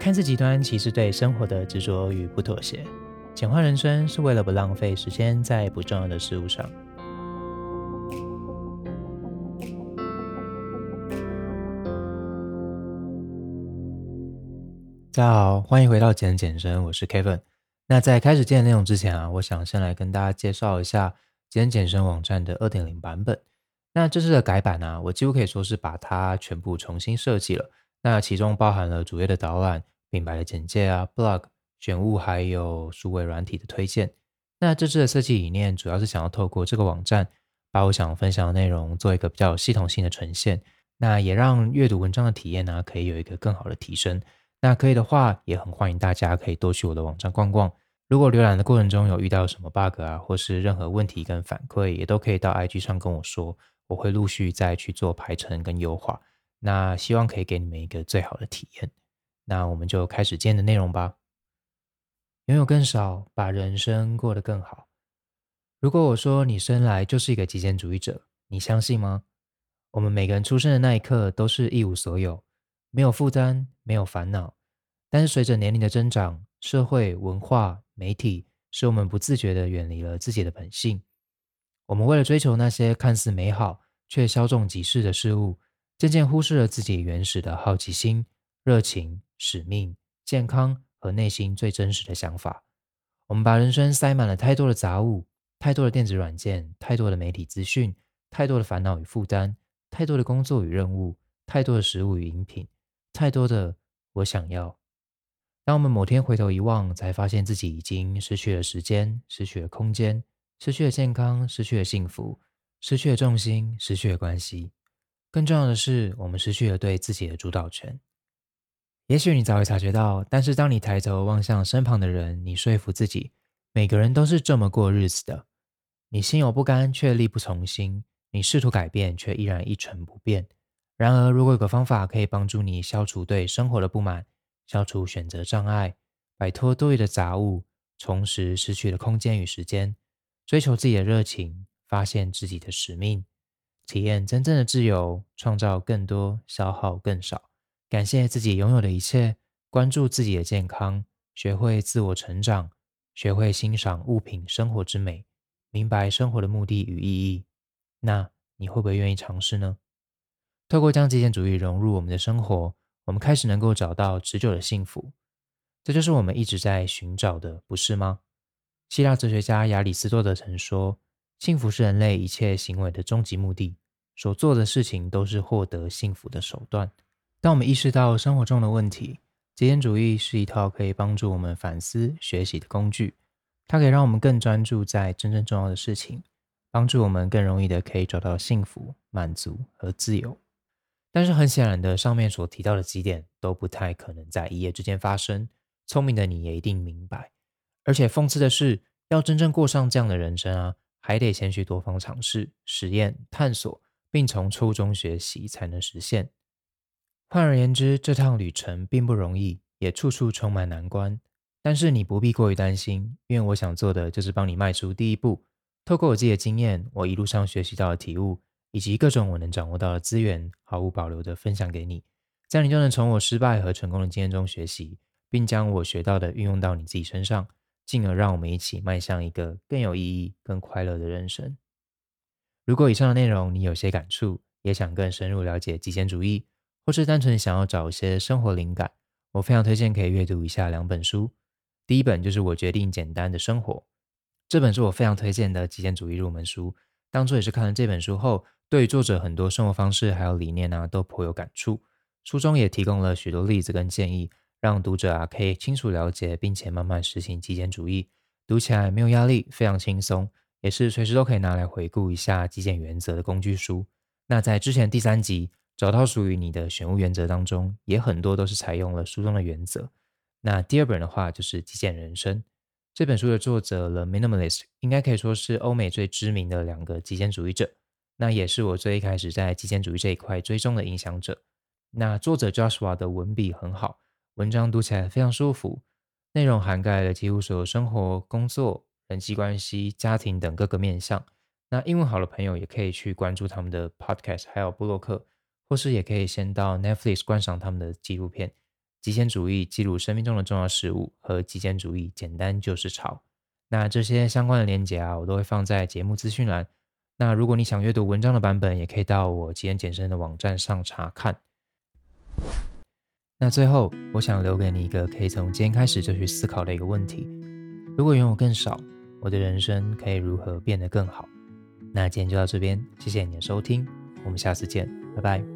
看似極端，其實對生活的執着與不妥協。簡化人生是為了不浪費時間在不重要的事物上。大家好，歡迎回到極人簡生，我是 Kevin。那在開始今天內容之前啊，我想先來跟大家介紹一下極人簡生網站的二點零版本。那這次的改版呢啊，我幾乎可以說是把它全部重新設計了。那其中包含了主頁的導覽、品牌的簡介啊、blog、選物，還有數位軟體的推薦。那這次的設計理念主要是想要透過這個網站，把我想分享的內容做一個比較有系統性的呈現。那也讓閱讀文章的體驗呢啊，可以有一個更好的提升。那可以的話，也很歡迎大家可以多去我的網站逛逛。如果瀏覽的過程中有遇到什麼 bug 啊，或是任何問題跟反饋，也都可以到 IG 上跟我說，我會陸續再去做排程跟優化。那希望可以給你們一個最好的體驗。那我們就開始今天的內容吧。擁有更少，把人生過得更好。如果我說你生來就是一個極簡主義者，你相信嗎？我們每個人出生的那一刻都是一無所有，沒有負擔，沒有煩惱。但是隨着年齡的增長，社會、文化、媒體使我們不自覺地遠離了自己的本性。我們為了追求那些看似美好卻稍縱即逝的事物。漸漸忽視了自己原始的好奇心、熱情、使命、健康和內心最真實的想法。我們把人生塞滿了太多的雜物、太多的電子軟件、太多的媒體資訊、太多的煩惱與負擔、太多的工作與任務、太多的食物與飲品、太多的我想要。當我們某天回頭一望，才發現自己已經失去了時間，失去了空間，失去了健康，失去了幸福，失去了重心，失去了關係。更重要的是，我們失去了對自己的主導權。也許你早已察覺到，但是當你抬頭望向身旁的人，你說服自己，每個人都是這麼過日子的。你心有不甘，卻力不從心。你試圖改變，卻依然一成不變。然而，如果有個方法可以幫助你消除對生活的不滿，消除選擇障礙，擺脫多餘的雜物，重拾失去的空間與時間，追求自己的熱情，發現自己的使命。體驗真正的自由，創造更多，消耗更少。感謝自己擁有的一切，關注自己的健康，學會自我成長，學會欣賞物品生活之美，明白生活的目的與意義。那你會不會願意嘗試呢？透過將極簡主義融入我們的生活，我們開始能夠找到持久的幸福。這就是我們一直在尋找的，不是嗎？希臘哲學家亞里斯多德曾說。幸福是人類一切行為的終極目的，所做的事情都是獲得幸福的手段。當我們意識到生活中的問題，極簡主義是一套可以幫助我們反思、學習的工具，它可以讓我們更專注在真正重要的事情，幫助我們更容易的可以找到幸福、滿足和自由。但是很顯然的，上面所提到的幾點都不太可能在一夜之間發生。聰明的你也一定明白。而且諷刺的是，要真正過上這樣的人生啊！還得先去多方嘗試、實驗、探索，並從錯誤中學習，才能實現。換而言之，這趟旅程並不容易，也處處充滿難關。但是你不必過於擔心，因為我想做的就是幫你邁出第一步。透過我自己的經驗，我一路上學習到的體悟，以及各種我能掌握到的資源，毫無保留地分享給你，這樣你就能從我失敗和成功的經驗中學習，並將我學到的運用到你自己身上。進而讓我們一起邁向一個更有意義、更快樂的人生。如果以上的內容你有些感觸，也想更深入了解極簡主義，或是單純想要找一些生活靈感，我非常推薦可以閱讀一下兩本書。第一本就是我決定簡單的生活，這本是我非常推薦的極簡主義入門書。當初也是看了這本書後，對於作者很多生活方式還有理念呢、啊，都頗有感觸。書中也提供了許多例子跟建議。讓讀者啊可以清楚了解，並且慢慢實行極簡主義，讀起來沒有壓力，非常輕鬆，也是隨時都可以拿來回顧一下極簡原則的工具書。那在之前第三集找到屬於你的選物原則當中，也很多都是採用了書中的原則。那第二本的話就是《極簡人生》這本書的作者 The Minimalist，應該可以說是歐美最知名的兩個極簡主義者。那也是我最一開始在極簡主義這一塊追蹤的影響者。那作者 Joshua 的文筆很好。文章讀起來非常舒服，內容涵蓋了幾乎所有生活、工作、人際關係、家庭等各個面向。那英文好的朋友也可以去關注他們的 podcast，還有部落客，或是也可以先到 Netflix 觀賞他們的紀錄片《極簡主義：記錄生命中的重要事物》和《極簡主義：簡單就是潮》。那這些相關的連結啊，我都會放在節目資訊欄。那如果你想閱讀文章的版本，也可以到我極人簡生的網站上查看。那最後，我想留給你一個可以從今天開始就去思考的一個問題：如果擁有更少，我的人生可以如何變得更好？那今天就到這邊，謝謝你的收聽，我們下次見，拜拜。